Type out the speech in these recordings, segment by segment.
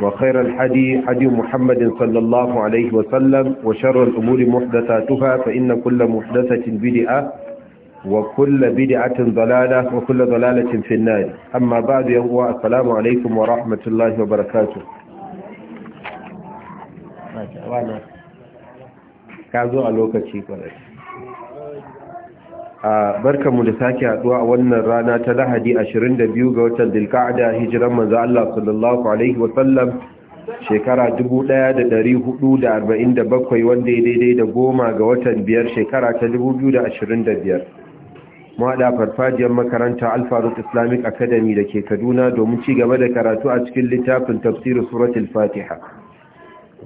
وخير الحدي حدي محمد صلى الله عليه وسلم وشر الأمور محدثاتها فإن كل محدثة بدعة وكل بدعة ضلالة وكل ضلالة في النار أما بعد يوم السلام عليكم ورحمة الله وبركاته ما شاء الله كازو ألوكا شيء a mu da sake haduwa a wannan rana ta lahadi 22 ga watan dilka'ada hijiran manzo Allah sallallahu alaihi wasallam shekara 1447 wanda ya daidai da goma ga watan biyar shekara ta 2025 mu haɗa farfajiyar makaranta alfaruk islamic academy da ke kaduna domin ci gaba da karatu a cikin littafin tafsirin suratul fatiha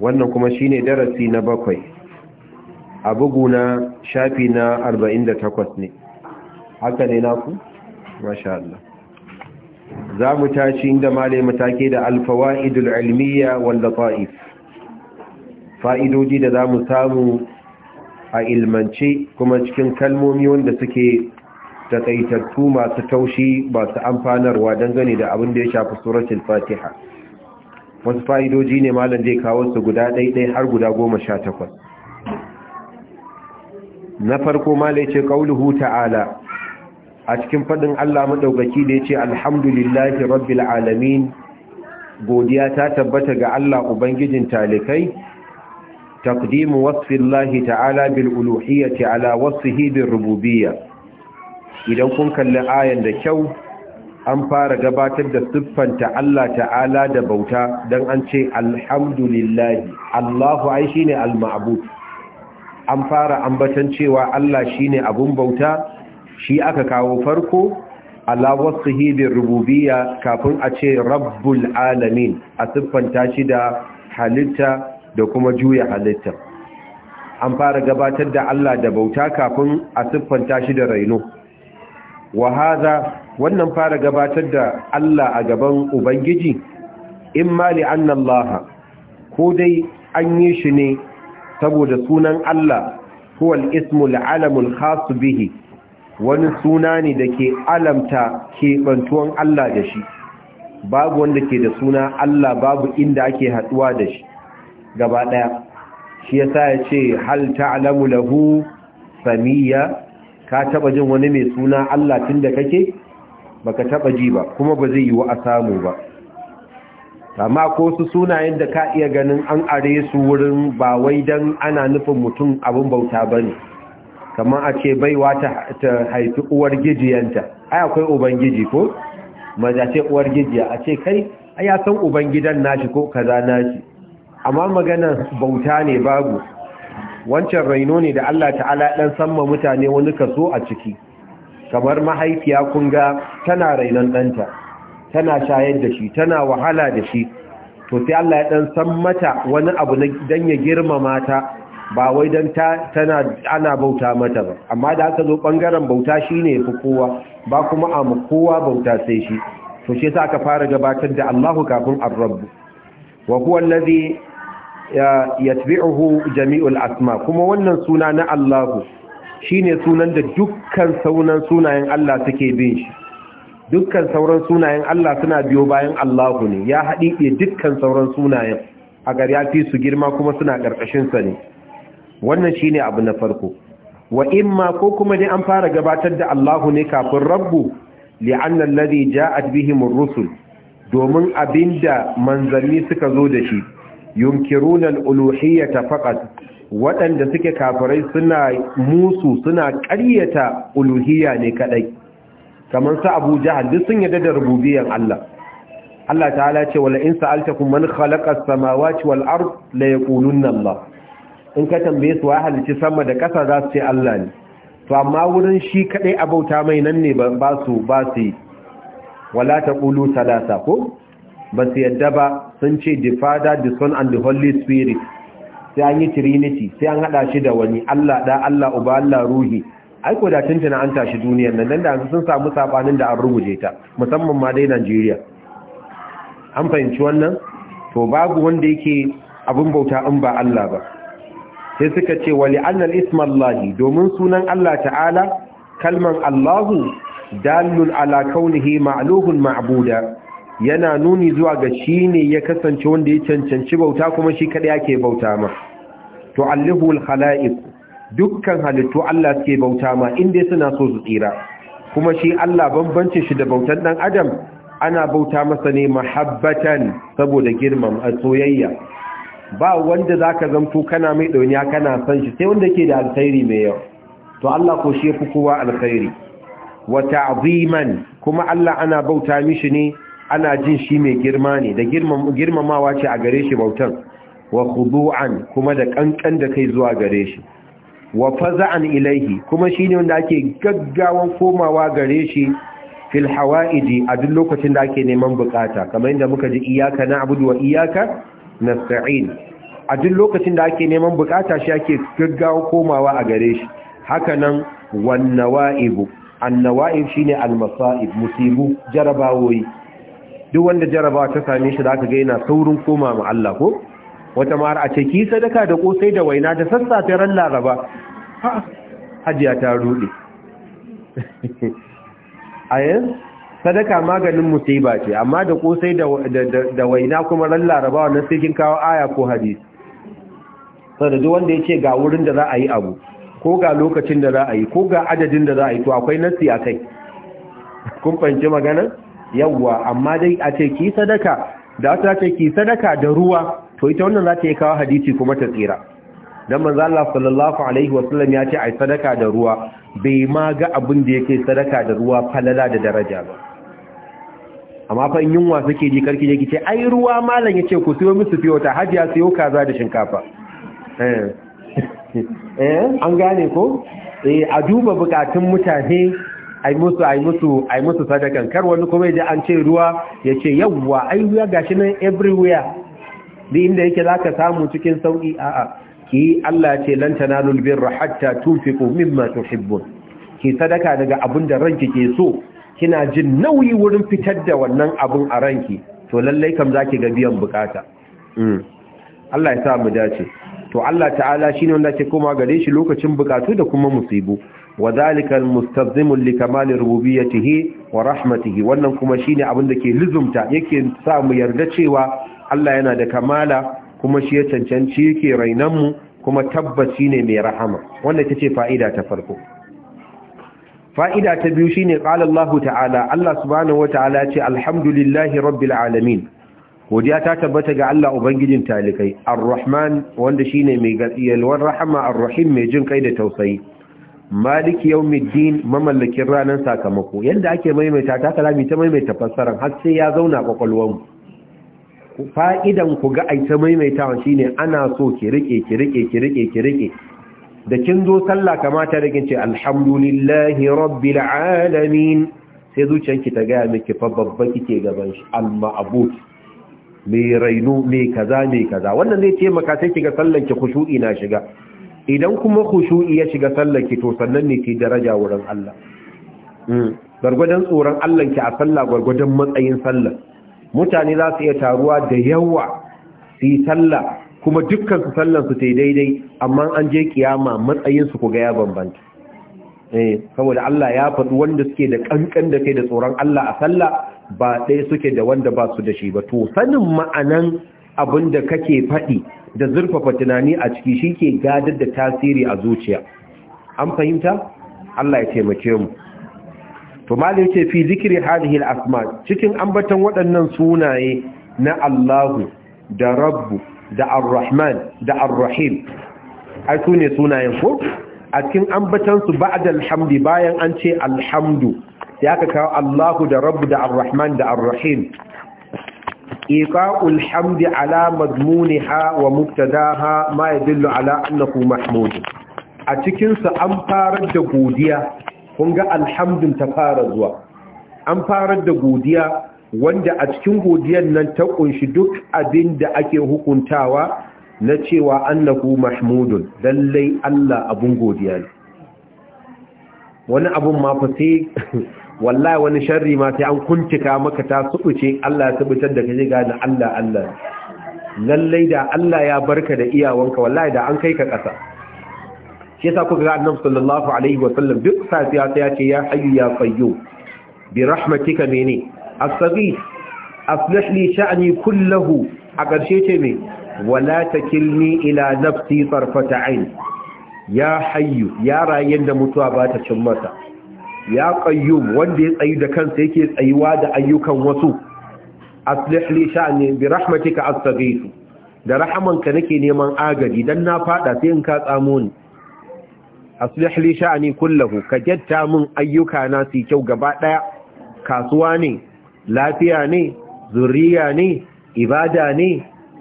wannan kuma shine darasi na bakwai a buguna shafi na 48 ne haka ne naku? masha Allah za mu tashi inda male matake da alfawa idul ilmiya wanda fa'if fa'idoji da za mu samu a ilmance kuma cikin kalmomi wanda suke takaitattu masu taushi masu amfanarwa dangane da abin da ya shafi suratul fatiha wasu fa'idoji ne malam zai kawo su guda ɗaiɗai har guda goma sha takwas na farko malai ce ƙauluhu ta'ala a cikin faɗin Allah maɗaukaki da yace alhamdulillahi rabbi al’alamin godiya ta tabbata ga Allah ubangijin talikai takdimu wasu wasfillahi ta'ala bil uluhiyyati ala wasu rububiyya idan kun kalli ayan da kyau an fara gabatar da siffanta Allah ta'ala da bauta don an ce alhamdulillahi Allahu ai shi ne al-ma'bud an fara ambatan cewa Allah shine abun bauta shi aka kawo farko alawar wasfihi rububiya kafin a ce rabbul alamin a siffanta shi da halitta da kuma juya halitta an fara gabatar da Allah da bauta kafin a siffanta shi da raino Wahaza wannan fara gabatar da Allah a gaban ubangiji in li anna Allah ko dai an yi shi ne saboda sunan Allah huwal ismu alamul khas bihi wani suna ne da ke alamta Allah da shi babu wanda ke da suna Allah babu inda ake haduwa da shi gaba ɗaya shi ya sa ya ce hal ta'alamu lahu samiya ka taɓa jin wani mai suna Allah tunda kake baka taɓa ji ba kuma ba zai yi wa a samu ba amma ko su sunayen da ka iya ganin an are su wurin ba wai dan ana nufin mutum abin bauta ba ne. kamar a ce baiwa ta haifi uwar gijiyanta ai akwai ubangiji ko maza ce uwar gijiya a ce kai ai ya san ubangidan nashi ko kaza nashi amma magana bauta ne babu wancan raino ne da Allah ta'ala dan samma mutane wani kaso a ciki kamar mahaifiya kun ga tana rainon ɗanta tana shayar da shi tana wahala da shi to sai Allah ya dan san mata wani abu dan ya girmama ta ba wai dan ta tana ana bauta mata ba amma da aka zo bangaren bauta shine fi kowa ba kuma a kowa bauta sai shi to shi yasa aka fara gabatar da Allahu kafin ar-rabb wa huwa allazi yatbi'uhu jami'ul asma kuma wannan suna na Allahu shine sunan da dukkan saunan sunayen Allah suke bin shi dukkan sauran sunayen Allah suna biyo bayan Allahu ne ya haɗiɗe dukkan sauran sunayen a gari fi su girma kuma suna ƙarƙashinsa ne wannan shine abu na farko wa imma ko kuma dai an fara gabatar da Allahu ne kafin rabbu li'anna alladhi ja'at bihi rusul domin abinda manzanni suka zo da shi yunkiruna al-uluhiyyata faqat waɗanda suke kafirai suna musu suna ƙaryata uluhiyya ne kadai kamar su abu jahal duk sun yadda da rububiyar Allah Allah ta'ala ce wala in sa'altakum man khalaqa as-samawati wal ya la yaqulunna Allah in ka tambaye su wahal halici sama da ƙasa za su ce Allah ne to amma wurin shi kadai abauta mai nan ne ba su ba su wala taqulu thalatha ko ba su yadda ba sun ce the father the son and the holy spirit sai an yi trinity sai an hada shi da wani Allah da Allah uba Allah ruhi ai ko da tuntuna an tashi duniyar nan dan da sun samu sabanin da an rubuje ta musamman ma dai Najeriya an fahimci wannan to babu wanda yake abin bauta in ba Allah ba sai suka ce wali annal ismallahi domin sunan Allah ta'ala kalman Allahu dalun ala kaunihi ma'luhun ma'buda yana nuni zuwa ga shi ne ya kasance wanda ya cancanci bauta kuma shi kada yake bauta ma to al khalaiq dukkan halittu Allah suke bauta ma inda suna so su tsira kuma shi Allah bambance shi da bautan dan adam ana bauta masa ne mahabbatan saboda girman soyayya ba wanda zaka zamto kana mai dauniya kana san shi sai wanda ke da alkhairi mai yawa to Allah ko shi yafi kowa alkhairi wa ta'ziman kuma Allah ana bauta mishi ne ana jin shi mai girma ne da girmamawa ce a gare shi bautan wa khudu'an kuma da kankan da kai zuwa gare shi wa faza'an ilaihi kuma shine wanda ake gaggawan komawa gare shi fil hawaiji a duk lokacin da ake neman bukata kamar yadda muka ji iyaka na abudu wa iyaka nasta'in a duk lokacin da ake neman bukata shi ake gaggawan komawa a gare shi haka nan wan nawaibu an nawaib shine al masaib musibu jarabawoyi duk wanda jarabawa ta same shi da aka ga yana saurin komawa Allah ko wata mara a ce ki sadaka da kosai da waina da sassafe ran laraba hajiya ta rude a yin sadaka maganin musiba ce amma da kosai da waina kuma ran laraba wannan sai kin kawo aya ko hadisi saboda duk wanda ya ce ga wurin da za a yi abu ko ga lokacin da za a yi ko ga adadin da za a yi to akwai nasi a kai kun fahimci magana yawwa amma dai a ce ki sadaka da wata ce ki sadaka da ruwa to ita wannan za ta yi kawo hadisi kuma ta tsira don manzo Allah sallallahu alaihi wasallam ya ce ai sadaka da ruwa bai ma ga abin da yake sadaka da ruwa falala da daraja ba amma fa yin yunwa suke ji karki je kice ai ruwa malam yace ku siyo musu ta hajiya siyo kaza da shinkafa eh eh an gane ko eh a duba bukatun mutane ai musu ai musu ai musu sadakan kar wani kuma ya ji an ce ruwa yace yawwa ai ruwa gashi nan everywhere duk inda yake zaka samu cikin sauki a'a ki Allah ce lan tanalul birra hatta tunfiqu mimma tuhibbun ki sadaka daga abin da ranki ke so kina jin nauyi wurin fitar da wannan abun a ranki to lallai kam zaki ga biyan bukata mm Allah ya sa mu dace to Allah ta'ala shine wanda ke koma gare shi lokacin bukatu da kuma musibu وذلك ya لكمال wa ورحمته wannan kuma shine abin da ke luzumta yake sa mu yarda cewa Allah yana da kamala kuma shi ya cancanci yake rainanmu kuma tabbaci ne mai rahama wanda ta ce fa'ida ta farko fa'ida ta biyu shine ne ƙalallahu ta'ala Allah subhanahu wa ta'ala ce alhamdulillahi rabbil alamin godiya ta tabbata ga Allah Ubangijin talikai ar-rahman wanda shi ne mai gatsiyalwar rahama ar-rahim mai jin kai da tausayi maliki yawmiddin mamallakin ranar sakamako yadda ake maimaita ta kalami ta maimaita fassara, har sai ya zauna mu fa'idan ku ga aita maimaitawa shine ana so ki rike ki rike ki rike ki rike da kin zo sallah kamata rike ce alhamdulillahi rabbil alamin sai zuciyanki ta gaya miki fa babba kike gaban shi amma me rainu me kaza me kaza wannan zai taimaka sai kiga sallan ki khushu'i na shiga idan kuma khushu'i ya shiga sallan to sannan ne ki daraja wurin Allah hmm. gwargwadon tsoron Allah ki a sallah gwargwadon matsayin sallah mutane za su iya taruwa da yawa su yi sallah kuma dukkan su sallan su tai daidai amma an je kiyama matsayinsu su kuga ya bambanta eh saboda Allah ya faɗi wanda suke da kankan da kai da tsoron Allah a sallah ba ɗaya suke da wanda ba su da shi ba to sanin ma'anan abin da kake faɗi da zurfafa tunani a ciki shi ke gadar da tasiri a zuciya an fahimta Allah ya taimake mu to malai ce fi zikiri hadihil asma cikin ambaton waɗannan sunaye na Allahu da Rabbu da Ar-Rahman da Ar-Rahim ai su sunayen ko a cikin ambaton su ba'da alhamdi bayan an ce alhamdu Ya aka kawo Allahu da Rabbu da Ar-Rahman da Ar-Rahim iqa'ul hamdi ala madmuniha wa muktadaha ma yadullu ala annahu mahmud a cikin sa an farar da godiya kun ga alhamdun ta fara zuwa an farar da godiya wanda a cikin godiyar nan ta kunshi duk abin da ake hukuntawa na cewa annahu mahmudun lallai Allah abun godiya ne wani abun ma fa sai wallahi wani sharri ma sai an kuntika maka ta subuce Allah ya tabbatar da kaje gani Allah Allah lallai da Allah ya barka da iyawanka wallahi da an kai ka kasa shi yasa kuka ga annabi sallallahu alaihi wa sallam duk safiya sai ya ce ya hayyu ya qayyum bi rahmatika mene as-sabi aslih li sha'ni kullahu a ƙarshe ce me wala takilni ila nafsi tarfata ayn ya hayyu ya rayen da mutuwa ba ta cin masa ya qayyum wanda ya tsayi da kansa yake tsayuwa da ayyukan wasu aslih li sha'ni bi rahmatika as-sabi da rahamanka nake neman agaji dan na fada sai in ka tsamo ni aslih li sha'ani kullahu ka jatta mun ayyuka na su kyau gaba daya kasuwa ne lafiya ne zuriya ne ibada ne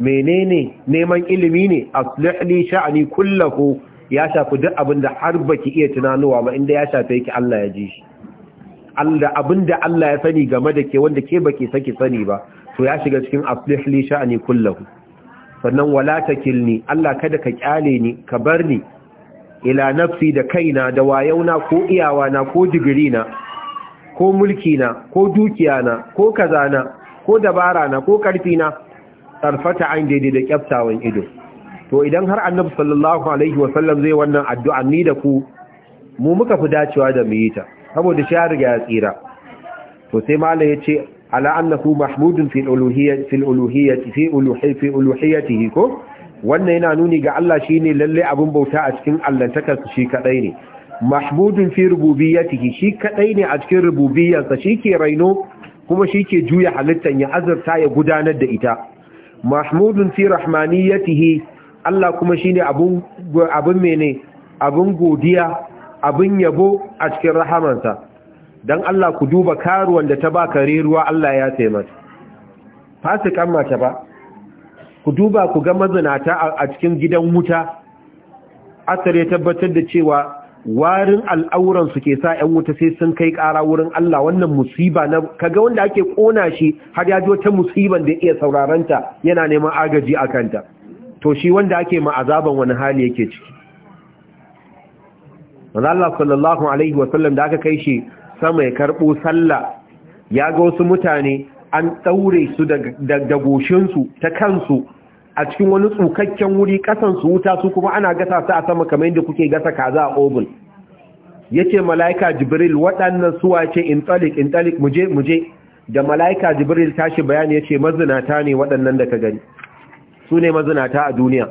menene neman ilimi ne aslih li sha'ani kullahu ya shafi duk abinda har baki iya tunanowa ba inda ya shafe ki Allah ya ji shi Allah abinda Allah ya sani game da ke wanda ke baki saki sani ba to ya shiga cikin aslih li sha'ani kullahu sannan wala takilni Allah kada ka kyale ni ka bar ni ila nafsi da kaina da wayauna ko iyawana ko digirina ko mulkina ko dukiya na ko kaza na ko dabara na ko karfina tarfata an daidai da kyaftawan ido to idan har annabi sallallahu alaihi wasallam zai wannan addu'a ni da ku mu muka fi dacewa da mu yi ta saboda shi ya riga ya tsira to sai malam ya ce ala annahu mahmudun fil uluhiyyati fil uluhiyyati ko wannan yana nuni ga Allah shi ne lalle abin bauta a cikin allantakarsa shi kadai ne mahmudun fi rububiyyatihi shi kaɗai ne a cikin rububiyyarsa shi ke raino kuma shi ke juya halittar ya azurta ya gudanar da ita mahmudun fi rahmaniyyatihi Allah kuma shi ne abin mene abin godiya abin yabo a cikin rahamansa don Allah ku duba karuwan da ta ba kare ruwa Allah ya taimaka fasikan mace ba ku duba ku ga mazinata a cikin gidan wuta asar ya tabbatar da cewa warin al'auran su ke sa 'yan wuta sai sun kai ƙara wurin Allah wannan musiba na kaga wanda ake ƙona shi har ya ji wata musiban da iya sauraranta yana neman agaji a kanta to shi wanda ake ma'azaban wani hali yake ciki Allah sallallahu alaihi wasallam da aka kai shi sama ya karɓo sallah ya ga wasu mutane an ɗaure su da goshinsu ta kansu a cikin wani tsukakken wuri kasansu wuta su kuma ana gasa su a sama kamar yadda kuke gasa kaza a obin ya ce mala'ika jibril waɗannan suwa ce in tsalik in tsalik muje muje da mala'ika jibril tashi bayani ya ce mazinata ne waɗannan da ka gani su ne mazinata a duniya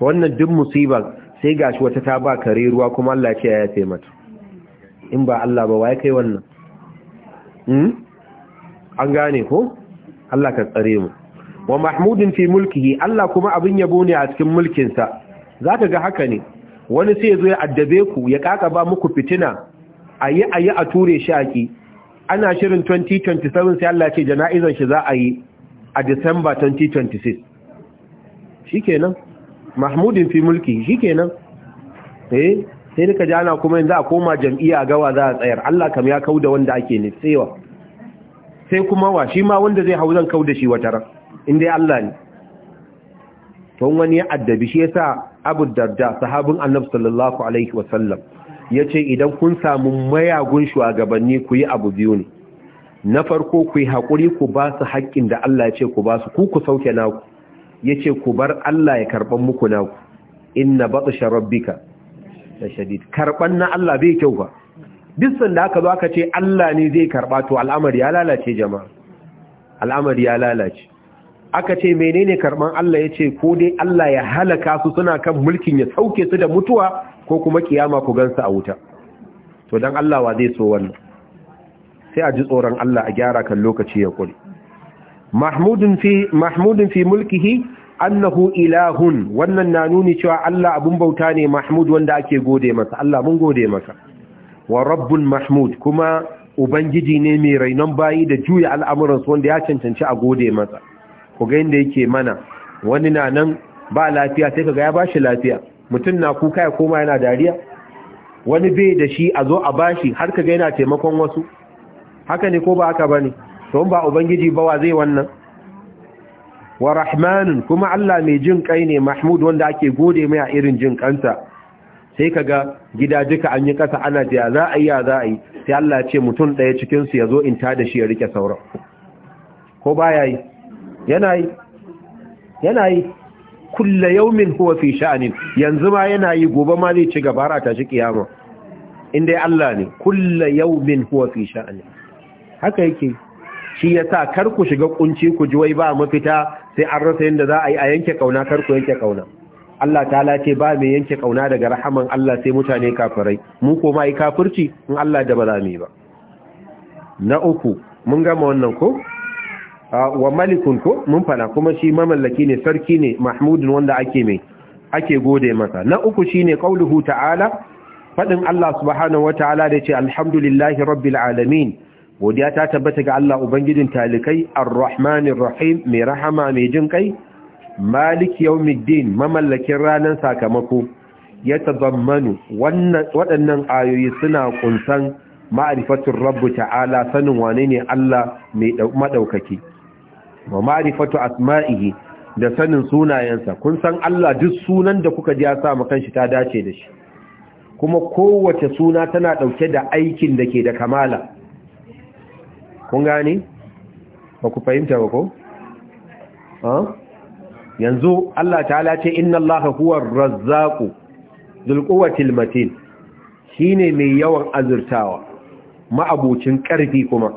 wannan duk musibar sai gashi wata ta ba kare ruwa kuma Allah ce ya yi mata in ba Allah ba waye kai wannan hmm? an gane ko Allah ka tsare mu wa mahmudin fi mulkihi Allah kuma abin yabo ne a cikin mulkinsa zaka ga haka ne wani sai zo ya addabe ku ya kakaba muku fitina ayi ayi a ture shaki. ana shirin 2027 sai Allah ce jana'izar shi za a yi a December 2026 shikenan mahmudin fi mulki shikenan eh sai nika ji ana kuma yanzu a koma jam'iyya gawa za a tsayar Allah kam ya kauda wanda ake tsewa. sai kuma wa shi ma wanda zai hau zan kauda shi wata ran inda Allah ne to wani ya addabi shi yasa Abu Darda sahabin Annabi sallallahu alaihi wasallam yace idan kun samu mayagun shugabanni ku yi abu biyu ne na farko ku yi haƙuri ku ba su haƙƙin da Allah ya ce ku ba su ku ku sauke naku ya ce ku bar Allah ya karɓar muku naku inna batsha rabbika shadid karban na Allah bai kyau ba duk sanda aka zo aka ce Allah ne zai karba to al'amari ya lalace jama'a al'amari ya lalace aka ce menene karban Allah yace ko dai Allah ya halaka su suna kan mulkin ya sauke su da mutuwa ko kuma kiyama ku gansu a wuta to dan Allah wa zai so wannan sai a ji tsoron Allah a gyara kan lokaci ya kuri mahmudun fi mahmudun fi mulkihi annahu ilahun wannan na nuni cewa Allah abun bauta ne mahmud wanda ake gode masa Allah mun gode masa wa rabbun mahmud kuma ubangiji ne mai rainon bayi da juya al'amuransu wanda ya cancanci a gode masa ku ga inda yake mana wani na nan ba lafiya sai kaga ya bashi lafiya mutum na kuka ya koma yana dariya wani bai da shi a zo a bashi har kaga yana taimakon wasu haka ne ko ba haka bane to ba ubangiji ba wa zai wannan wa rahmanin! kuma Allah mai jin kai ne mahmud wanda ake gode mai a irin jin kansa sai ga gida duka an yi kasa ana da za a yi ya za a yi sai Allah ce mutum ɗaya cikinsu ya zo in ta da shi ya rike sauran ko ya yi yana yi yana yi kulla yaumin huwa fi sha'anin yanzu ma yana yi gobe ma zai ci gaba ra ta shi kiyama in dai Allah ne kulla yaumin huwa fi sha'anin haka yake shi yasa kar ku shiga kunci ku ji wai ba mafita sai an rasa yadda za a yi a yanke kauna kar ku yanke kauna Allah ta lace ba mai yanke kauna daga rahaman Allah sai mutane kafirai mu ko yi kafirci in Allah da ba za mu ba na uku mun gama wannan ko wa malikun ko mun fada kuma shi mamallaki ne sarki ne mahmudun wanda ake mai ake gode masa na uku shine qauluhu ta'ala fadin Allah subhanahu wataala da ce alhamdulillahi rabbil alamin godiya ta tabbata ga Allah ubangijin talikai ar-rahmanir rahim mai rahama mai jin kai malik yawmiddin mamallakin ranar sakamako ya wannan waɗannan ayoyi suna kunsan ma'rifatur rabb ta'ala sanin wane ne Allah mai madaukaki wa ma'rifatu asma'ihi da sanin sunayensa kun san Allah duk sunan da kuka ji ya sa mu kanshi ta dace da shi kuma kowace suna tana dauke da aikin da ke da kamala kun gane ba ku fahimta ba ko yanzu Allah ala ce inna Allah huwa razzaku dhul quwwatil matin shine mai yawan azurtawa ma'abucin karfi kuma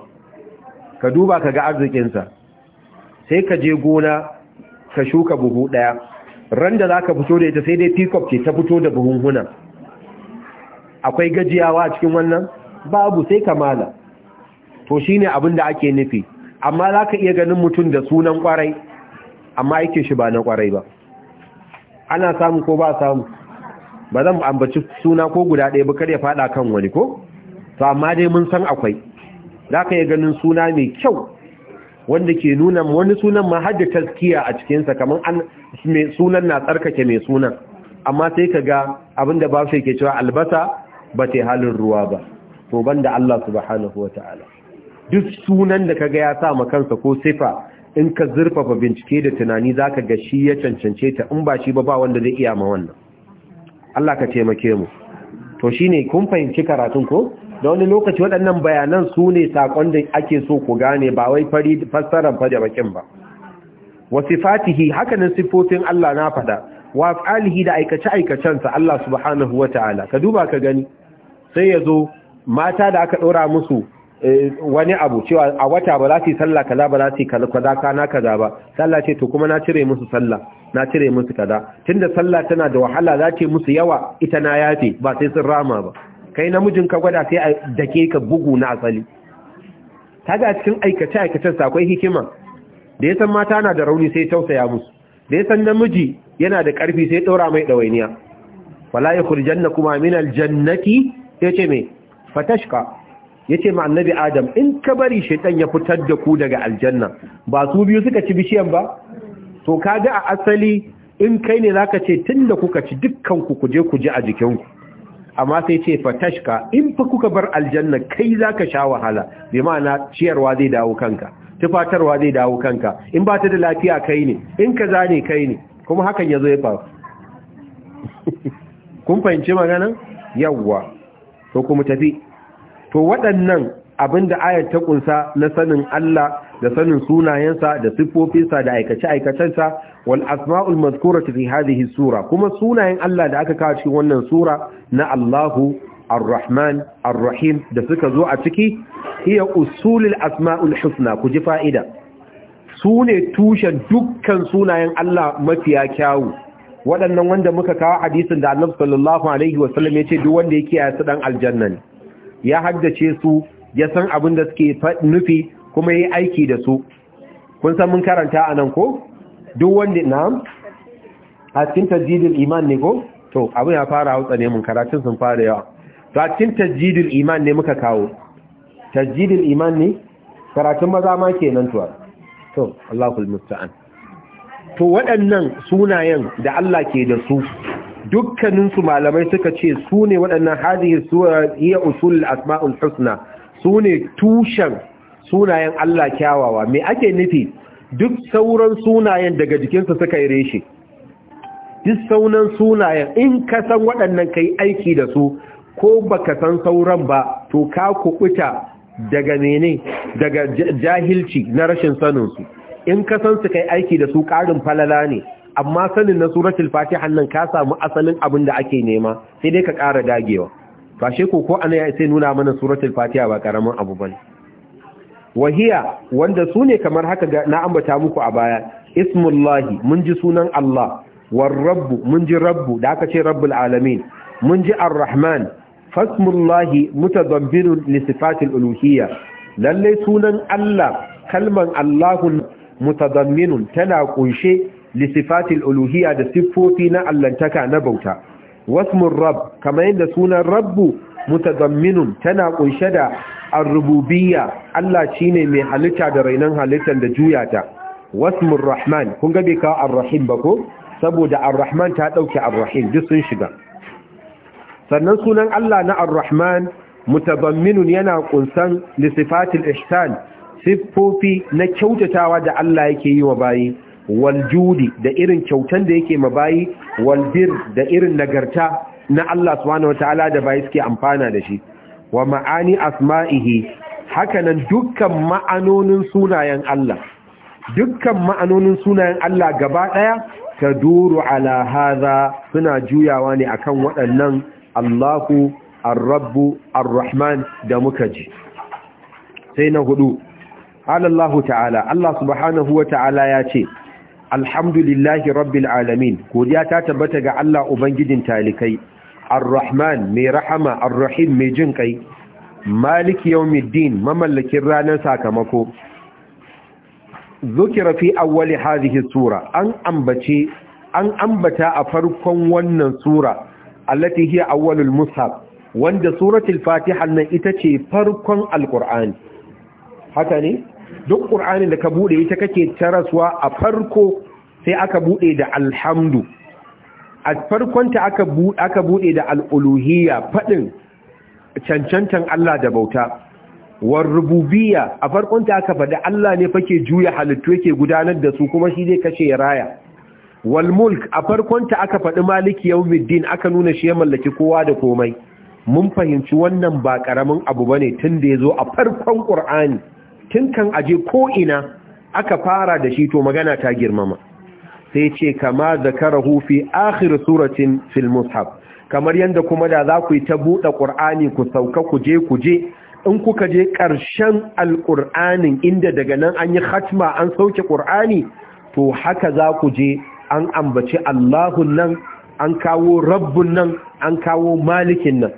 ka duba ka arzikin sa sai ka je gona ka shuka buhu ɗaya. ran da ka fito da ita sai dai pickup ce ta fito da buhunhuna akwai gajiyawa a cikin wannan babu sai kamala to shi ne abin da ake nufi amma za ka iya ganin mutum da sunan kwarai amma yake shi ba na kwarai ba ana samu ko ba samu ba zan ambaci suna ko guda ɗaya ba kar ya faɗa kan wani ko to amma dai mun san akwai za ka iya ganin suna mai kyau wanda ke nuna wani sunan ma hajji taskiya a cikinsa kamar an mai sunan na tsarkake mai sunan amma sai ka ga abin da ba shi ke cewa albasa ba ta halin ruwa ba to da Allah subhanahu wa ta'ala duk sunan da ka ga ya sa kansa ko sifa in ka zurfafa bincike da tunani zaka ga shi ya cancance ta in ba shi ba ba wanda zai iya ma wannan Allah ka taimake mu to shine kun fahimci karatun ko da wani lokaci waɗannan bayanan su ne sakon da ake so ku gane ba wai fari fassarar fada bakin ba wa sifatihi hakanan sifofin Allah na fada wa alihi da aikace aikacensa Allah subhanahu wataala ka duba ka gani sai ya zo mata da aka ɗora musu Eh, wani abu cewa a wata ba za su yi sallah kaza ba za su yi kaza kana kaza ba sallah ce to kuma na cire musu sallah na cire musu kaza tunda sallah tana da wahala za ce musu yawa ita na yafe ba sai sun rama ba kai namijin ka gwada sai a dake ka bugu na asali Ta ga cikin aikace aikace akwai hikima da yasan mata na da rauni sai tausaya musu da yasan namiji yana da karfi sai daura mai ɗawainiya. wala yakhrujannakum min aljannati yace me fatashqa ya ce annabi adam in ka bari shaitan ya fitar da ku daga aljanna ba su biyu suka ci bishiyan ba to ka ga a asali in kai ne zaka ce tun da kuka ci dukkan ku kuje kuje a jikinku amma sai ce fatashka in fa kuka bar aljanna kai zaka sha wahala bi ma'ana ciyarwa zai dawo kanka tufatarwa zai dawo kanka in ba ta da lafiya kai ne in ka ne kai ne kuma hakan ya zo ya faru kun fahimci maganan yawwa ko kuma tafi to waɗannan da ayar ta ƙunsa na sanin Allah da sanin sunayensa da siffofinsa da aikace-aikacensa wal asma'ul mazkurati fi hadhihi sura kuma sunayen Allah da aka kawo cikin wannan sura na Allahu Ar-Rahman Ar-Rahim da suka zo a ciki hiya usulul asma'ul husna ku ji fa'ida sune tushen dukkan sunayen Allah mafiya kyawu waɗannan wanda muka kawo hadisin da Annabi sallallahu alaihi wasallam yace duk wanda yake ya su dan aljanna ne ya haddace su ya san abin da suke nufi kuma yi aiki da su kun san mun karanta a nan ko duk wanda na a cikin tajidil iman ne ko to abin ya fara hutsa ne mun karatun sun fara yawa to a cikin tajidil iman ne muka kawo tajidil iman ne karatun maza ma kenan tuwa to Allahul musta'an to waɗannan sunayen da Allah ke da su dukkaninsu malamai suka ce su ne waɗannan hadihin suwa uh, iya usul asma'ul husna su ne tushen sunayen Allah kyawawa me ake nufi duk sauran sunayen daga jikinsa suka yi reshe duk saunan sunayen in ka san waɗannan ka yi aiki da su ko baka san sauran ba to ka kuɓuta daga mene daga jahilci na rashin saninsu in ka san su kai aiki da su ƙarin falala ne amma sanin na suratul fatiha nan ka samu asalin abin da ake nema sai dai ka ƙara dagewa ba ko ko ana ya sai nuna mana suratul fatiha ba karamin abu bane wahiya wanda sune kamar haka na ambata muku a baya ismullahi mun ji sunan Allah war rabbu mun ji rabbu da aka ce rabbul alamin mun ji arrahman fasmullahi mutadabbirun li sifatil uluhiyya lalle sunan Allah kalman Allahu mutadamminun tana kunshe li sifatil uluhiyya da siffofi na allantaka na bauta wasmur rabb kamar yadda sunan rabbu mutadamminun tana kunshe da ar-rububiyya Allah shine mai halitta da rainan halittar da juyata wasmur rahman kun ga bai kawo ar-rahim ba ko saboda ar-rahman ta dauke ar duk sun shiga sannan sunan Allah na ar-rahman mutadamminun yana kunsan li sifatil ihsan siffofi na kyautatawa da Allah yake yi wa bayi waljudi da irin kyautan da yake mabayi walbir da irin nagarta na Allah subhanahu wataala da bayi suke amfana da shi wa ma'ani asma'ihi hakanan dukkan ma'anonin sunayen Allah dukkan ma'anonin sunayen Allah gaba daya taduru ala hadha suna juyawa ne akan waɗannan Allahu ar-Rabbu ar-Rahman da muka ji sai na hudu Allah ta'ala Allah subhanahu wa ya ce alhamdulillahi rabbil alamin godiya ta tabbata ga Allah ubangijin talikai arrahman mai rahama arrahim mai jin kai maliki yawmiddin mamallakin ranar sakamako zukira fi awwali hadhihi sura an ambace an ambata a farkon wannan sura allati hiya awwalul mushaf wanda suratul fatiha nan ita ce farkon alqur'ani haka ne duk ƙur'anin da ka buɗe ita kake taraswa a farko sai aka buɗe da alhamdu a farkonta aka buɗe da al'uluhiyya faɗin cancantan Allah da bauta war rububiyya a farkonta aka faɗi Allah ne fake juya halittu yake gudanar da su kuma shi zai kashe ya raya wal mulk a farkonta aka faɗi maliki yawmiddin aka nuna shi ya mallaki kowa da komai mun fahimci wannan ba ƙaramin abu bane tun da ya zo a farkon ƙur'ani tun kan aje ko ina aka fara da shi to magana ta girmama sai ce kama zakara hufi akhir suratin fil mushaf kamar yadda kuma da za ku yi ta buɗe ƙur'ani ku sauka kuje-kuje, in kuka je ƙarshen alƙur'anin inda daga nan an yi hatma an sauke ƙur'ani to haka za ku je an ambaci allahun nan an kawo rabbun nan an kawo malikin nan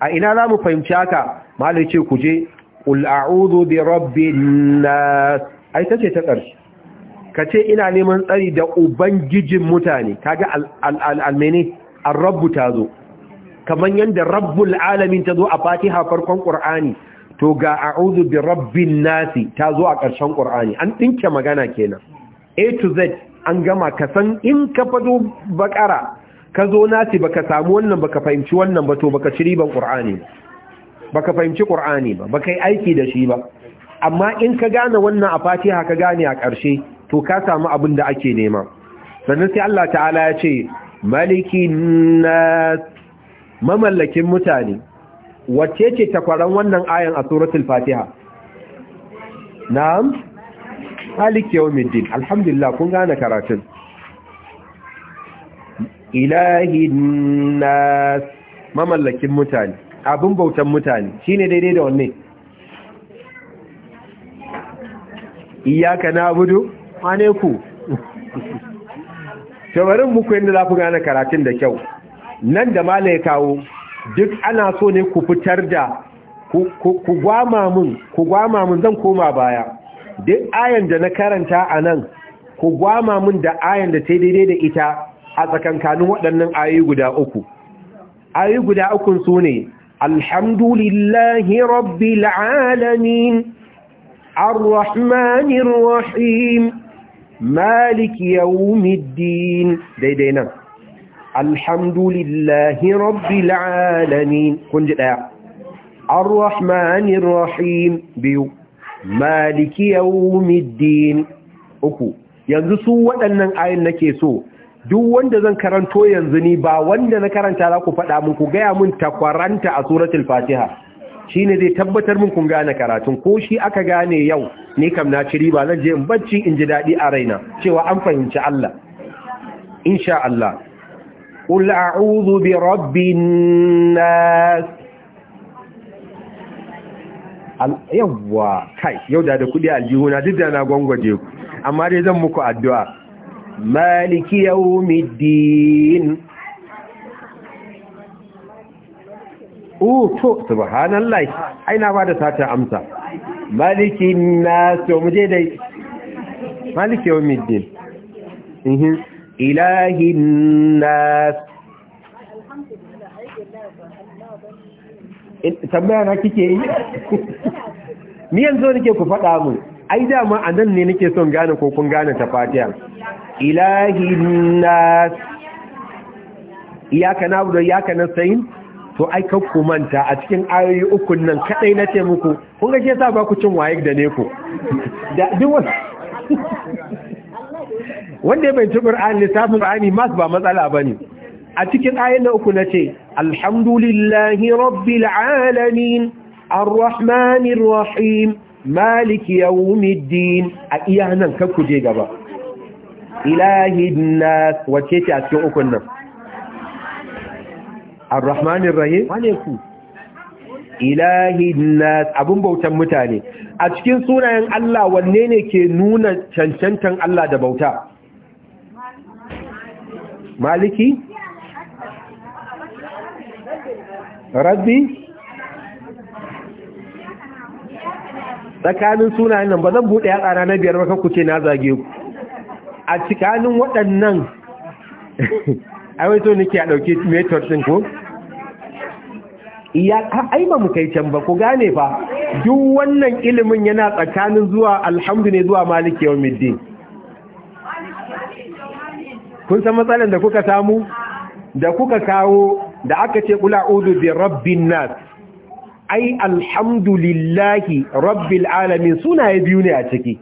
a ina za mu fahimci haka malice kuje? ku je qul bi rabbi na ai ce ta ƙarshe ce ina neman tsari da ubangijin mutane kaga al An rabu ta zo. kamar yadda rabbul alamin zo a fatiha farkon ƙur'ani to ga a'udu bi rabbin ta zo a ƙarshen ƙur'ani an ɗinke magana kenan a to z an gama ka san in ka fado bakara ka zo nasi baka samu wannan baka fahimci wannan ba to baka ci riban qur'ani baka fahimci qur'ani ba baka yi aiki da shi ba amma in ka gane wannan a fatiha ka gane a ƙarshe to ka samu abin da ake nema sannan sai Allah ta'ala ya ce malikin nas mamallakin mutane wacce ce takwaran wannan ayan a suratul fatiha na'am malik yawmiddin alhamdulillah kun gane karatun ilahin nas mamallakin mutane abin bautan mutane shi ne daidai da wanne iyaka na budu ne ku shawarin muku yadda za ku gane karatun da kyau nan da Malam ya kawo duk ana so ne ku fitar da ku gwama mun zan koma baya duk ayan da na karanta a nan ku gwama mun da ayan da ta daidai da ita a tsakankanin waɗannan ayi guda uku Ayi guda uku su ne الحمد لله رب العالمين الرحمن الرحيم مالك يوم الدين دي دينا الحمد لله رب العالمين كنت دايا الرحمن الرحيم بيو مالك يوم الدين uku yanzu su waɗannan ayin nake so duk wanda zan karanto yanzu ni ba wanda na karanta za ku faɗa mun ku gaya mun takwaranta a suratul fatiha shine zai tabbatar mun kun gane karatun ko shi aka gane yau ni kam na ciri riba zan je in bacci in ji daɗi a raina cewa an fahimci Allah insha Allah qul a'udhu bi rabbin nas kai yau da da kudi na duk da na gwangwaje ku amma dai zan muku addu'a Maliki يوم الدين to subhanallah ai ba da sata amsa maliki nas to muje dai maliki yawmiddin mhm ilahin nas tambaya na kike yi ni yanzu nake ku faɗa mu ai dama anan ne nake son gane ko kun gane tafatiya. Ilahi nas iyaka abu da iyaka kana sayin to ai ka manta a cikin ayoyi ukun nan kadai na ce muku kun ga ke sa ba ku cin waye da ne ku da duk wani wanda ya bayanci Qur'ani lissafin Qur'ani mas ba matsala bane a cikin ayoyi na uku nace alhamdulillahi rabbil alamin arrahmanir rahim maliki yawmiddin a iya nan kanku je gaba ilahin nas wace ce a cikin ukun nan ar rahim wane ku ilahin nas abun bautan mutane a cikin sunayen Allah wanne ne ke nuna cancantan Allah da bauta maliki rabbi tsakanin sunayen nan ba zan buɗe yatsana na biyar ba, maka kuce na zage ku a cikanin waɗannan ai wato nake a ɗauki method ɗin ko iya aima mu kai can ba ku gane fa duk wannan ilimin yana tsakanin zuwa alhamdu ne zuwa maliki yau middi kun san matsalan da kuka samu da kuka kawo da aka ce kula udu bi rabbin nas ai alhamdulillahi rabbil alamin suna ya biyu ne a ciki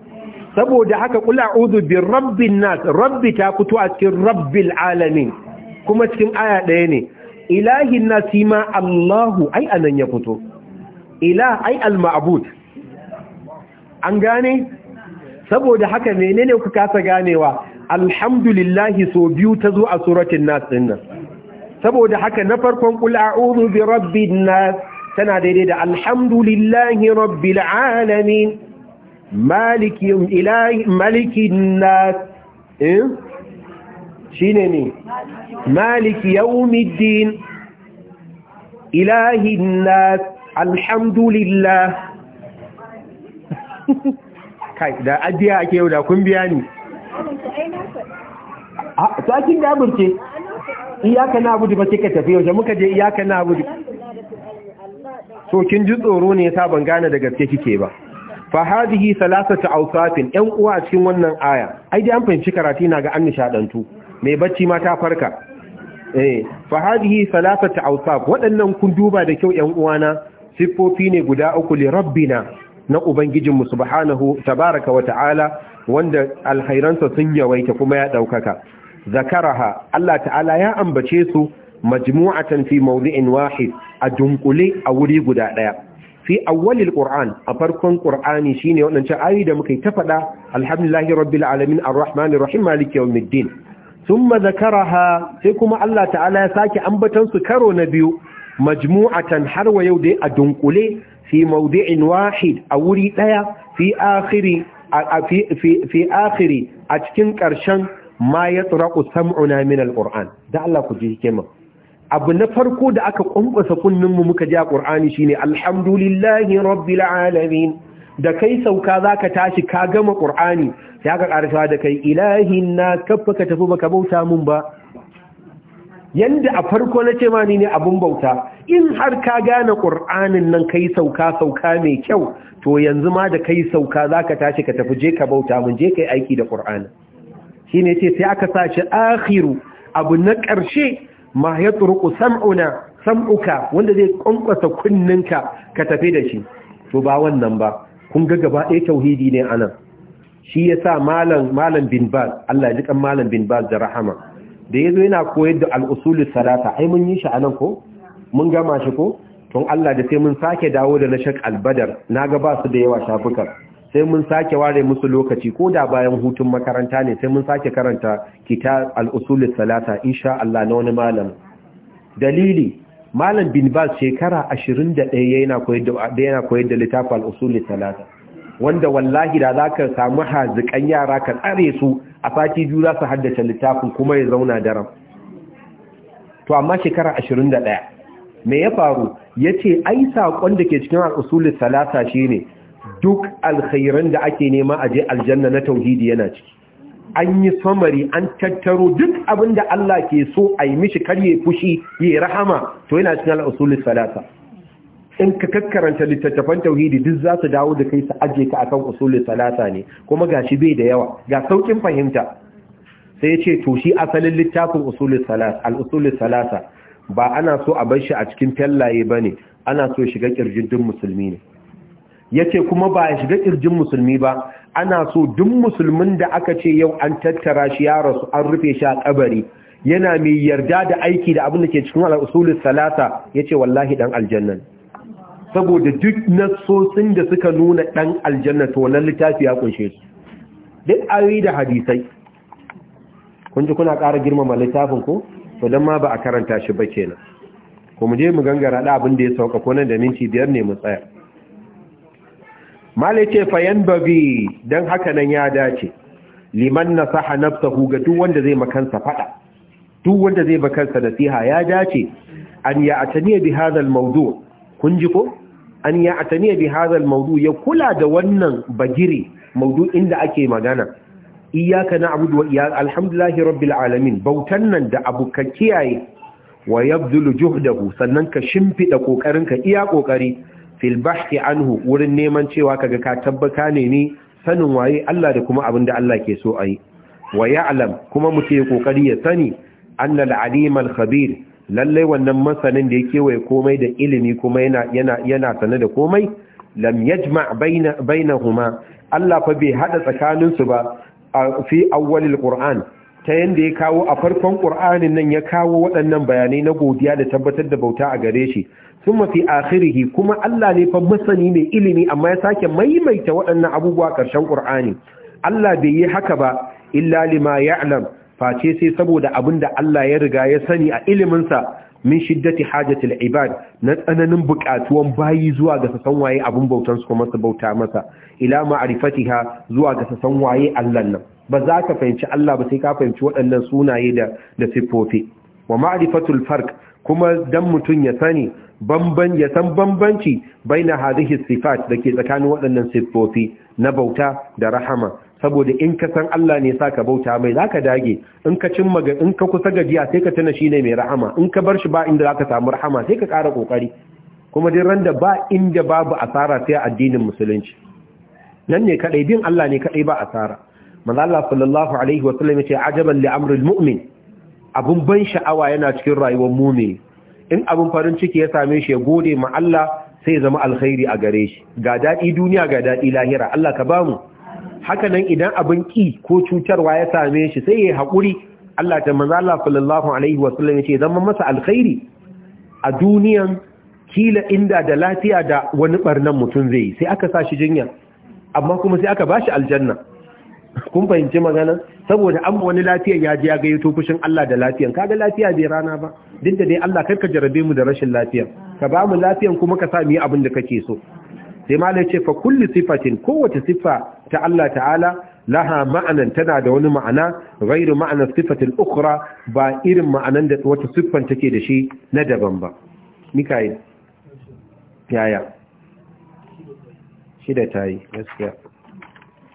saboda haka kula uzu bi rabbin nas rabbi ta fito a cikin rabbil alamin kuma cikin aya ɗaya ne ilahin nasi ma Allahu ai anan ya fito ilah ai alma'abud! an gane saboda haka menene ku kasa ganewa alhamdulillahi so biyu ta zo a suratin nas din nan saboda haka na farkon kula uzu bi rabbin nas tana daidai da alhamdulillahi rabbil alamin maliki na malikin nas shine ne maliki yawmiddin ilahin na alhamdulillah kai da ajiya ake yau da kun biya ni a kin da burke iyaka na abudu ba cika tafi wajen muka je iyaka na abudu to kin ji tsoro ne sa ban gane da gaske kike ba fa hadhihi thalathatu awsafin yan uwa cikin wannan aya ai dai an fahimci karatu na ga an nishadantu mai bacci ma ta farka eh fa hadhihi thalathatu awsaf waɗannan kun duba da kyau yan uwana sifofi ne guda uku li rabbina na mu subhanahu tabaaraka wa ta'ala wanda alkhairansa sun yawaita kuma ya daukaka zakaraha Allah ta'ala ya ambace su majmu'atan fi mawdi'in wahid a dunkule a wuri guda daya fi awwalil qur'an a farkon qur'ani shine wadannan ayoyi da muka yi ta fada alhamdulillahi rabbil alamin arrahmanir rahim maliki yawmiddin thumma zakaraha sai kuma Allah ta'ala ya sake ambatan su karo na biyu majmu'atan har wa yau dai a dunkule fi mawdi'in wahid a wuri daya fi akhiri fi akhiri a cikin karshen ma yatraqu sam'una min alquran da Allah ku ji hikima abu na farko da aka kunkusa kunninmu muka ji a ƙur'ani shine alhamdulillahi rabbil alamin da kai sauka zaka tashi ka gama ƙur'ani ya ka ƙarfafa da kai ilahin na kafa ka tafi baka bauta mun ba yanda a farko na ce ma ne abun bauta in har ka gane ƙur'anin nan kai sauka sauka mai kyau to yanzu ma da kai sauka zaka tashi ka tafi je ka bauta mun je yi aiki da ƙur'ani shine ce sai aka sace akhiru abu na ƙarshe ma ya turku sam'una sam'uka wanda zai kunkwasa kunninka ka tafi da shi to ba wannan ba kun ga gaba ɗaya tauhidi ne anan shi yasa malam malam bin Bas, Allah ya ji kan malam bin Bas da rahama da yazo yana koyar da al-usulus salata ai mun yi shi anan ko mun gama shi ko To Allah da sai mun sake dawo da na shak albadar naga ba su da yawa shafukan sai mun sake ware musu lokaci ko da bayan hutun makaranta ne sai mun sake karanta kita al'usulis salata insha Allah na wani malam dalili malam bin bas shekara 21 yana koyar da littafin al'usulis salata wanda wallahi da za ka samu hazikan yara ka tsare su a sati biyu za su haddace littafin kuma ya zauna daram to amma shekara 21 me ya faru ya ce ai saƙon da ke cikin al'usulis salata shine duk alkhairan da ake nema a je aljanna na tauhidi yana ciki an yi samari an tattaro duk abin da Allah ke so a yi mishi karye fushi ya rahama to yana cikin al'usulis salasa in ka kakkaranta littattafan tauhidi duk za su dawo da kai su ajiye ka akan usulis salasa ne kuma ga shi bai da yawa ga saukin fahimta sai ya ce to shi asalin littafin usulis salasa al'usulis salasa ba ana so a bar shi a cikin ba ne, ana so shiga kirjin duk musulmi ne yace kuma ba ya shiga kirjin musulmi ba ana so duk musulmin da aka ce yau an tattara shi ya rasu an rufe shi a kabari yana mai yarda da aiki da abin da ke cikin al'usulus salata ce wallahi dan aljanna saboda duk nasosin da suka nuna ɗan aljanna to wannan littafi ya kunshe su duk ayoyi da hadisai kun ji kuna ƙara girmama littafin ku, to dan ma ba a karanta shi ba kenan ko mu je mu gangara da abin da ya sauka ko nan da minti biyar ne mu tsaya malai ce fayan babi don haka nan ya dace liman nasaha nafsahu ga duk wanda zai makansa fada duk wanda zai makansa nasiha ya dace an ya ataniya bi hadal maudu. kun ji ko an ya ataniya bi hadal maudu ya kula da wannan bagiri maudu da ake magana na na'budu wa iyyak alhamdulillahi rabbil alamin bautan nan da abu ka kiyaye wa yabdulu juhdahu sannan ka shimfida ka iya kokari fil bahti anhu wurin neman cewa kaga ka tabbaka ne ni sanin waye Allah da kuma abin da Allah ke so ayi wa ya'lam kuma muke kokari ya sani annal alim al khabir wannan masanin da yake waye komai da ilimi kuma yana yana yana sanar da komai lam yajma' baina bainahuma Allah fa bai hada tsakanin su ba fi awwalil qur'an ta yanda ya kawo a farkon qur'anin nan ya kawo waɗannan bayanai na godiya da tabbatar da bauta a gare shi sun mafi akhirihi kuma Allah ne fa masani mai ilimi amma ya sake maimaita waɗannan abubuwa ƙarshen ƙur'ani Allah bai yi haka ba illa lima ya'lam face sai saboda abin da Allah ya riga ya sani a iliminsa min shiddati hajatil ibad na tsananin buƙatuwan bayi zuwa ga sasan waye abin bautan su kuma su bauta masa ila ma'rifatiha zuwa ga sasan waye Allah nan ba za ka fahimci Allah ba sai ka fahimci waɗannan sunaye da da siffofi wa ma'rifatul farq kuma dan mutum ya sani bamban ya san bambanci baina hadhihi sifat dake tsakanin waɗannan siffofi na bauta da rahama saboda in ka san Allah ne saka bauta mai zaka dage in ka cin maga in ka kusa gajiya sai ka tana shine mai rahama in ka bar shi ba inda zaka samu rahama sai ka ƙara kokari kuma duk randa ba inda babu asara sai addinin musulunci nan ne kadai bin Allah ne kadai ba asara manzo Allah sallallahu alaihi wa sallam yace ajaban li amril mu'min abin ban sha'awa yana cikin rayuwar mumini in abin farin ciki ya same shi ya gode ma Allah sai zama alkhairi a gare shi ga daɗi duniya ga daɗi lahira Allah ka bamu haka nan idan abin ki ko cutarwa ya same shi sai ya hakuri Allah ta manzo Allah sallallahu alaihi wa sallam ya ce zama masa alkhairi a duniyan kila inda da lafiya da wani barnan mutum zai sai aka sa shi jinya amma kuma sai aka bashi aljanna kun fahimci magana saboda an wani lafiyan ya ji ya gayyato kushin Allah da lafiyan kaga lafiya bai rana ba duk da dai Allah kar ka jarabe mu da rashin lafiyan ka ba mu lafiyan kuma ka sa mu yi abin da kake so sai malai ce fa kulli sifatin kowace sifa ta Allah ta'ala laha ma'anan tana da wani ma'ana ghairu ma'anan sifatin ukra ba irin ma'anan da wata siffan take da shi na daban ba mikail yaya shida tayi gaskiya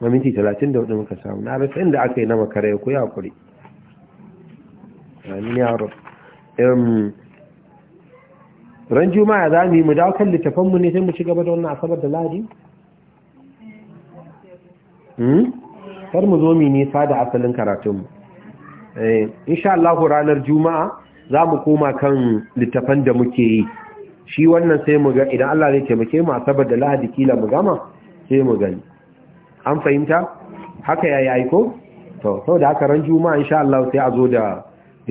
na minti 34 muka samu na rasa inda aka yi na makara ya koya hakuri amin ya rab ran juma'a za mu yi mu dawo kan littafanmu ne sai mu ci gaba da wannan asabar da ladi hmm? kar mu zo mini nisa da asalin karatunmu eh, sha Allah ranar juma'a za mu koma kan littafan da muke yi shi wannan sai mu ga idan Allah zai taimake mu asabar da lahadi kila mu gama sai mu gani an fahimta haka yayi aiko to da haka ran juma'a insha Allah sai a zo da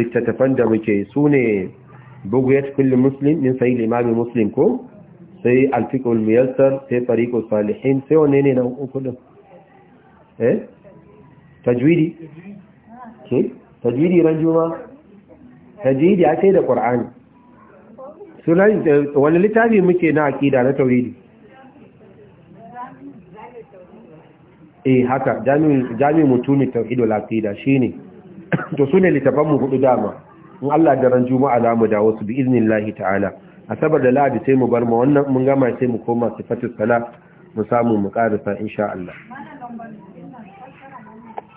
littattafan da muke sune buguyat kulli muslim min sayyid imam muslim ko sai al-fiqh muyassar sai Fariko, salihin sai wanne ne na uku din eh tajwidi ke tajwidi ran juma'a tajwidi a sai da qur'ani sunan eh, wani littafi muke na aƙida na tauridi? eh haka jami'in mutumin da aqida shine to sune litafan mu hudu dama in Allah da ran juma'a za mu dawo su bi iznillahi ta'ala asabar da ladi sai mu bar mu wannan mun gama sai mu koma sifatus sala mu samu mu karasa insha Allah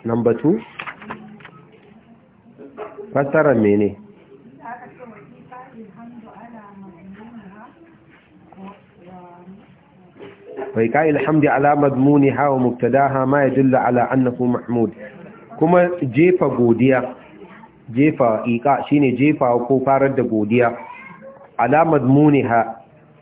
number 2 fassara mene wa ka il hamdi ala madmuni hawa mubtada ha ma yadulla ala annahu mahmud kuma jefa godiya jefa ika shine jefawa ko farar da godiya ala muniha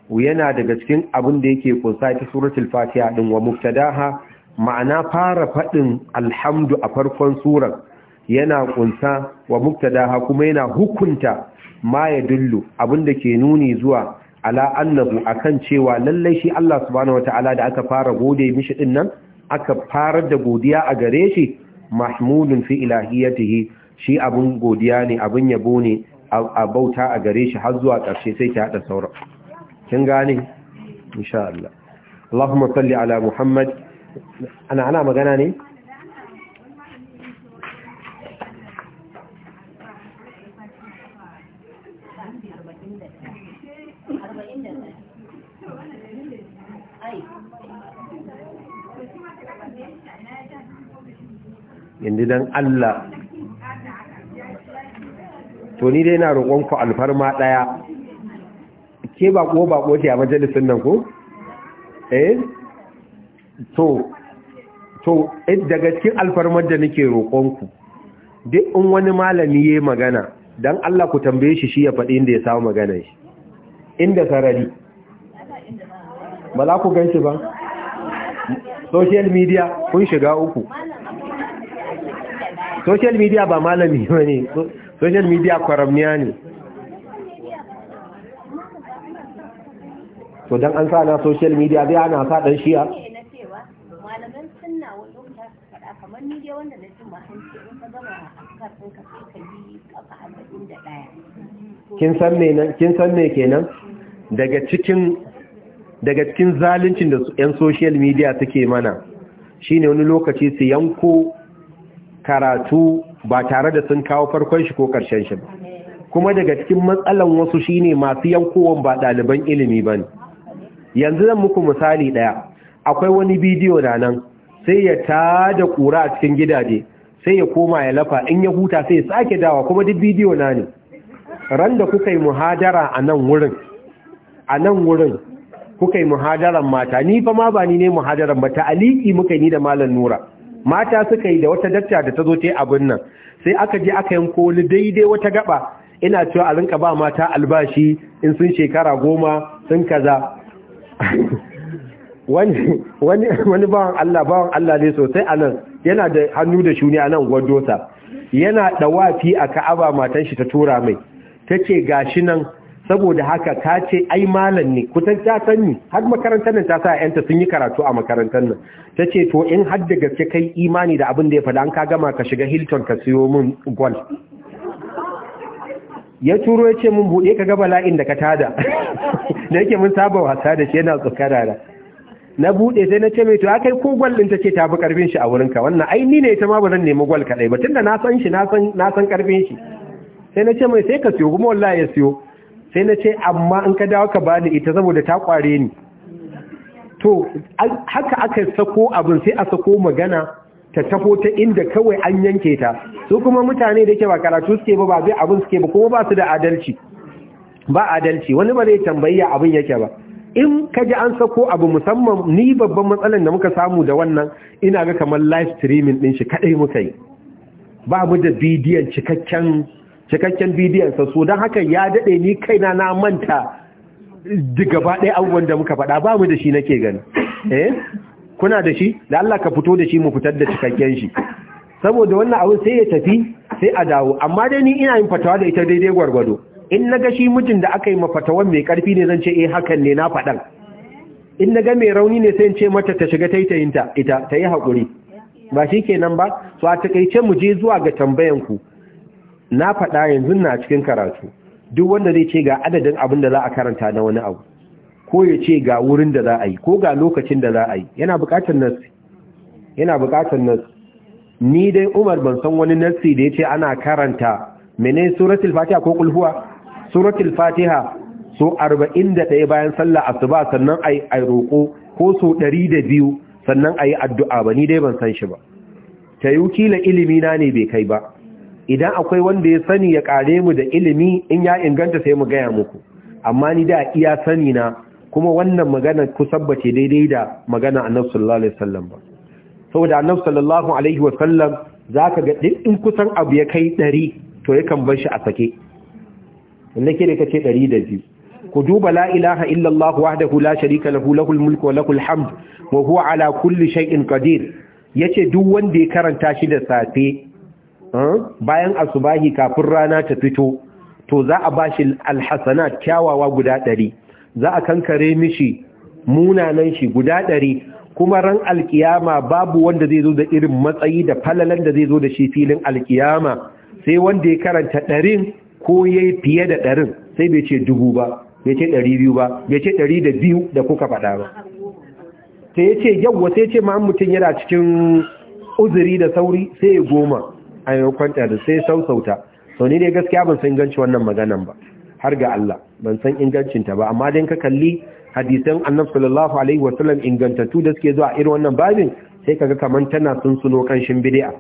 yana daga cikin abun da yake kunsa ta suratul fatiha din wa mubtada ma'ana fara faɗin alhamdu a farkon surar yana kunsa wa muktadaha, kuma yana hukunta ma yadullu abun da ke nuni zuwa ala annahu akan cewa lallai shi Allah subhanahu wataala da aka fara gode mishi din nan aka fara da godiya a gare shi mahmudun fi ilahiyatihi shi abun godiya ne abun yabo ne a bauta a gare shi har zuwa ƙarshe sai ta hada saura. kin gane insha Allah Allahumma salli ala Muhammad ana ana magana ne yanzu don Allah to ni dai na roƙonku alfarma ɗaya ke baƙo baƙo ce a majalisun nan ko? eh to to eh, daga cikin alfarmar da nake roƙonku duk in wani malami ya magana don Allah ku tambaye shi shi ya faɗi inda ya samu magana shi inda sarari ba za ku gan shi ba? social media kun shiga uku social media ba malami ne social media kwaramniya ne to don an sa na social media zai ana sa dan shiya kin san dai Kin san me kenan? Daga cikin daga cikin zaluncin da 'yan social media suke mana shine wani lokaci su yanko karatu ba tare da sun kawo farkon shi ko karshen shi ba kuma daga cikin matsalan wasu shine masu yankowan ba ɗaliban ilimi ba ne yanzu zan muku misali ɗaya akwai wani bidiyo da nan sai ya tada ƙura a cikin gidaje sai ya koma ya lafa in ya huta sai ya sake dawa kuma duk bidiyo na ne ran da kuka yi muhadara a nan wurin kuka yi muhadaran mata ni fa ma ba ni ne muhadaran ba ta'aliki muka yi ni da malam nura mata suka yi da wata dacca da ta zo ta abin nan sai aka je aka yanko wani daidai wata gaba ina cewa a rinka ba mata albashi in sun shekara goma sun kaza wani bawan Allah bawan Allah ne sosai a nan yana da hannu da shuni a nan gwadosa yana ɗawafi a ka'aba matan shi ta tura mai ta ce gashi nan saboda haka ka ce ai malam ne kusan ta san ni har makarantar nan ta sa yanta sun yi karatu a makarantar nan ta ce to in har da gaske kai imani da abin da ya faɗa an ka gama ka shiga Hilton ka siyo min gwal ya turo ya ce mun buɗe ka ga bala'in da ka tada da yake mun saba wasa da shi yana tsokara da na buɗe sai na ce mai to akai ko gwal din ce ta fi karfin shi a wurin ka wannan ai ni ne ita ma ba zan nemi gwal kadai ba tunda na san shi na san na san karfin shi sai na ce mai sai ka siyo kuma wallahi ya siyo sai na ce amma in ka dawo ka bani ita saboda ta kware ni to haka aka sako abin sai a sako magana ta taho ta inda kawai an yanke ta su kuma mutane da ke ba karatu suke ba ba zai abin suke ba kuma ba su da adalci ba adalci wani ba zai tambayi abin yake ba in ka ji an sako abu musamman ni babban matsalar da muka samu da wannan ina ga kamar live streaming din shi kadai muka yi ba da bidiyon cikakken cikakken bidiyon sa so don haka ya daɗe ni kaina na manta gaba ɗaya abubuwan da muka faɗa ba mu da shi nake gani eh kuna da shi da Allah ka fito da shi mu fitar da cikakken shi saboda wannan abu sai ya tafi sai a dawo amma dai ni ina yin fatawa da ita daidai gwargwado in na ga shi mijin da aka yi ma fatawan mai karfi ne zan ce eh hakan ne na faɗan in na ga mai rauni ne sai in ce mata ta shiga taitayinta ita ta yi haƙuri ba shi kenan ba so a takaice mu je zuwa ga tambayanku. na faɗa yanzu na cikin karatu duk wanda zai ce ga adadin abin da za a karanta na wani abu ko ya ce ga wurin da za a yi ko ga lokacin da za a yi yana buƙatar nasi yana buƙatar nasi ni dai Umar ban san wani nasi da ya ce ana karanta mene suratul fatiha ko kulhuwa suratul fatiha so 41 bayan sallah asuba sannan ai ai roko ko so 102 sannan ayi addu'a ba ni dai ban san shi ba tayukila ilimi na ne bai kai ba idan akwai wanda ya sani ya kare mu da ilimi in ya inganta sai mu gaya muku amma ni da iya sani na kuma wannan magana kusan bace daidai da magana annabi sallallahu alaihi wasallam ba saboda annabi sallallahu alaihi wasallam zaka ga in kusan abu ya kai 100 to yakan bar shi a sake nake da kace ku duba la ilaha illallah wahdahu la sharika lahu lahul mulku wa lahul hamd wa huwa ala kulli shay'in qadir yace duk wanda ya karanta shi da safe bayan asubahi kafin rana ta fito to za a bashi alhassanat kyawawa guda ɗari za a kankare mishi munanan shi guda ɗari kuma ran alkiyama babu wanda zai zo da irin matsayi da falalan da zai zo da shi filin alkiyama sai wanda ya karanta ɗarin ko ya yi fiye da ɗarin sai bai ce dubu ba bai ce ɗari biyu ba bai ce ɗari da biyu da kuka faɗa ba sai ya ce yawwa sai ce ma mutum yana cikin uzuri da sauri sai ya goma an kwanta da sai sausauta sau ni dai gaskiya ban san inganci wannan maganan ba har ga Allah ban san ingancin ta ba amma dan ka kalli hadisan annabi sallallahu alaihi wasallam ingantattu da suke zuwa irin wannan babin sai kaga kaman tana sun suno kanshin bid'a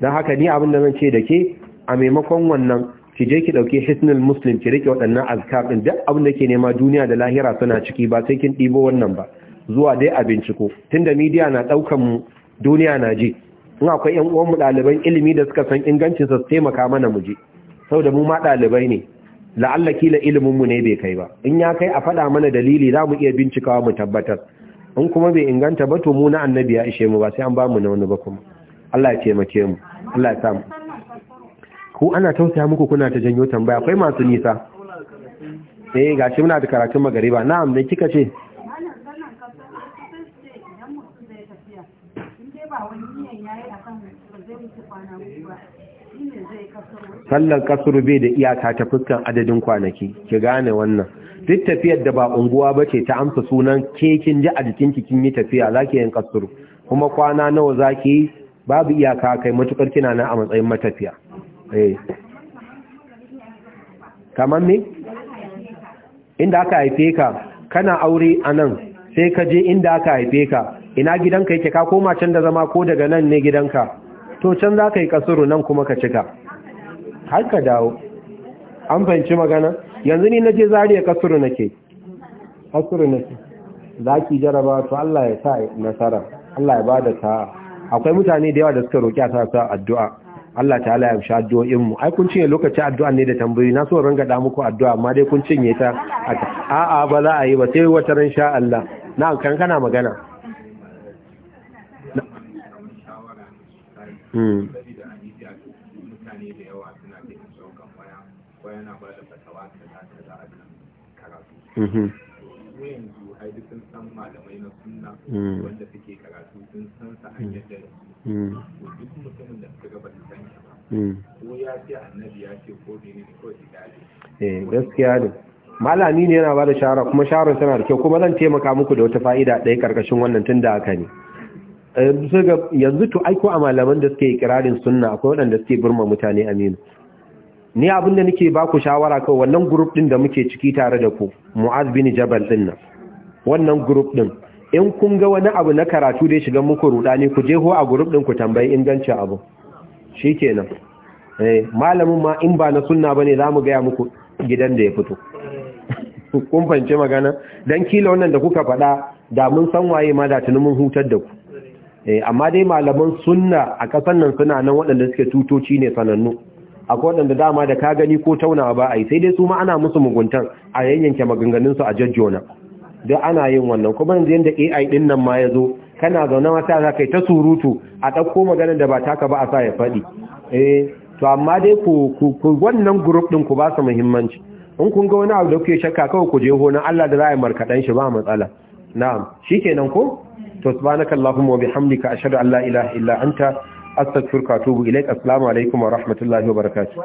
dan haka ni abin da zan ce da ke a maimakon wannan ki je ki dauke hisnul muslim ki rike waɗannan azkar din duk abin da ke nema duniya da lahira suna ciki ba sai kin dibo wannan ba zuwa dai a binciko tunda media na daukan mu duniya na ji in akwai yan uwanmu ɗaliban ilimi da suka san ingancin sa su taimaka mana mu je saboda mu ma ɗalibai ne la'alla kila ilimin mu ne bai kai ba in ya kai a faɗa mana dalili za mu iya bincikawa mu tabbatar in kuma bai inganta ba to mu na annabi ya ishe mu ba sai an ba mu na wani ba kuma Allah ya taimake mu Allah ya sa mu ku ana tausaya muku kuna ta janyo tambaya akwai masu nisa eh gashi muna da karatun magariba na'am ne kika ce sallar kasuru bai da iyaka ta fuskan adadin kwanaki ki gane wannan duk tafiyar da ba unguwa ba ce ta amsa sunan kekin ji a jikinki kin yi tafiya za ki yin kasuru kuma kwana nawa za ki yi babu iyaka kai matukar kina na a matsayin matafiya eh. kamar ne inda aka haife ka kana aure a nan sai ka je inda aka haife ka ina gidanka yake ka koma can da zama ko daga nan ne gidanka to can za ka yi kasuru nan kuma ka cika har ka dawo an fahimci magana yanzu ni na je zariya kasuru nake kasuru nake za ki jaraba to Allah ya sa nasara Allah ya bada ta akwai mutane da yawa da suka roki a sa addu'a Allah ta ta'ala ya amshi addu'o'in mu ai kun cinye lokacin addu'a ne da tambayi na so ranga da muku addu'a amma dai kun cinye ta a'a ba za a yi ba sai wata ran sha Allah na kan kana magana Mm. haidi mm-hmm. sun san malamai na sunna mm. wanda suke karatu sun san sa an mm. yadda da su mm. duk mutumin da suka gaba da sanya ba ko ya ce annabi ya ce ko ne ne ko idale eh gaskiya ne malami ne yana bada shara kuma shawarar tana da kyau kuma zan taimaka muku da wata fa'ida ɗaya karkashin wannan tun da haka ne eh, yanzu to aiko a malaman da suke ikirarin sunna akwai waɗanda suke burma mutane aminu ni abin da nake baku shawara kawai wannan group din da muke ciki tare da ku Mu'az bin Jabal din nan wannan group din in kun ga wani abu na karatu da ya shiga muku rudani ku je ho a group din ku tambayi ingancin abu shikenan eh malamin ma in ba na sunna bane zamu ga ya muku gidan da ya fito kun fance magana dan kila wannan da kuka faɗa da mun san waye ma da mun hutar da ku eh amma dai malaman sunna a kasan nan suna nan waɗanda suke tutoci ne sanannu akwai wanda dama da ka gani ko taunawa ba a yi sai dai su ma ana musu muguntan a yayyanke maganganunsu a jajjona da ana yin wannan kuma yanzu yadda ai din nan ma ya zo kana zauna mata za ka yi ta surutu a ɗauko maganar da ba taka ba a sa ya faɗi eh to amma dai ku wannan group din ku ba su muhimmanci in kun ga wani abu da kuke shakka kawai ku je honan Allah da za a markaɗan shi ba matsala na'am shikenan ko to subhanakallahumma wa bihamdika ashhadu an la ilaha illa anta astaghfiruka wa atubu ilaik assalamu alaikum wa rahmatullahi wa barakatuh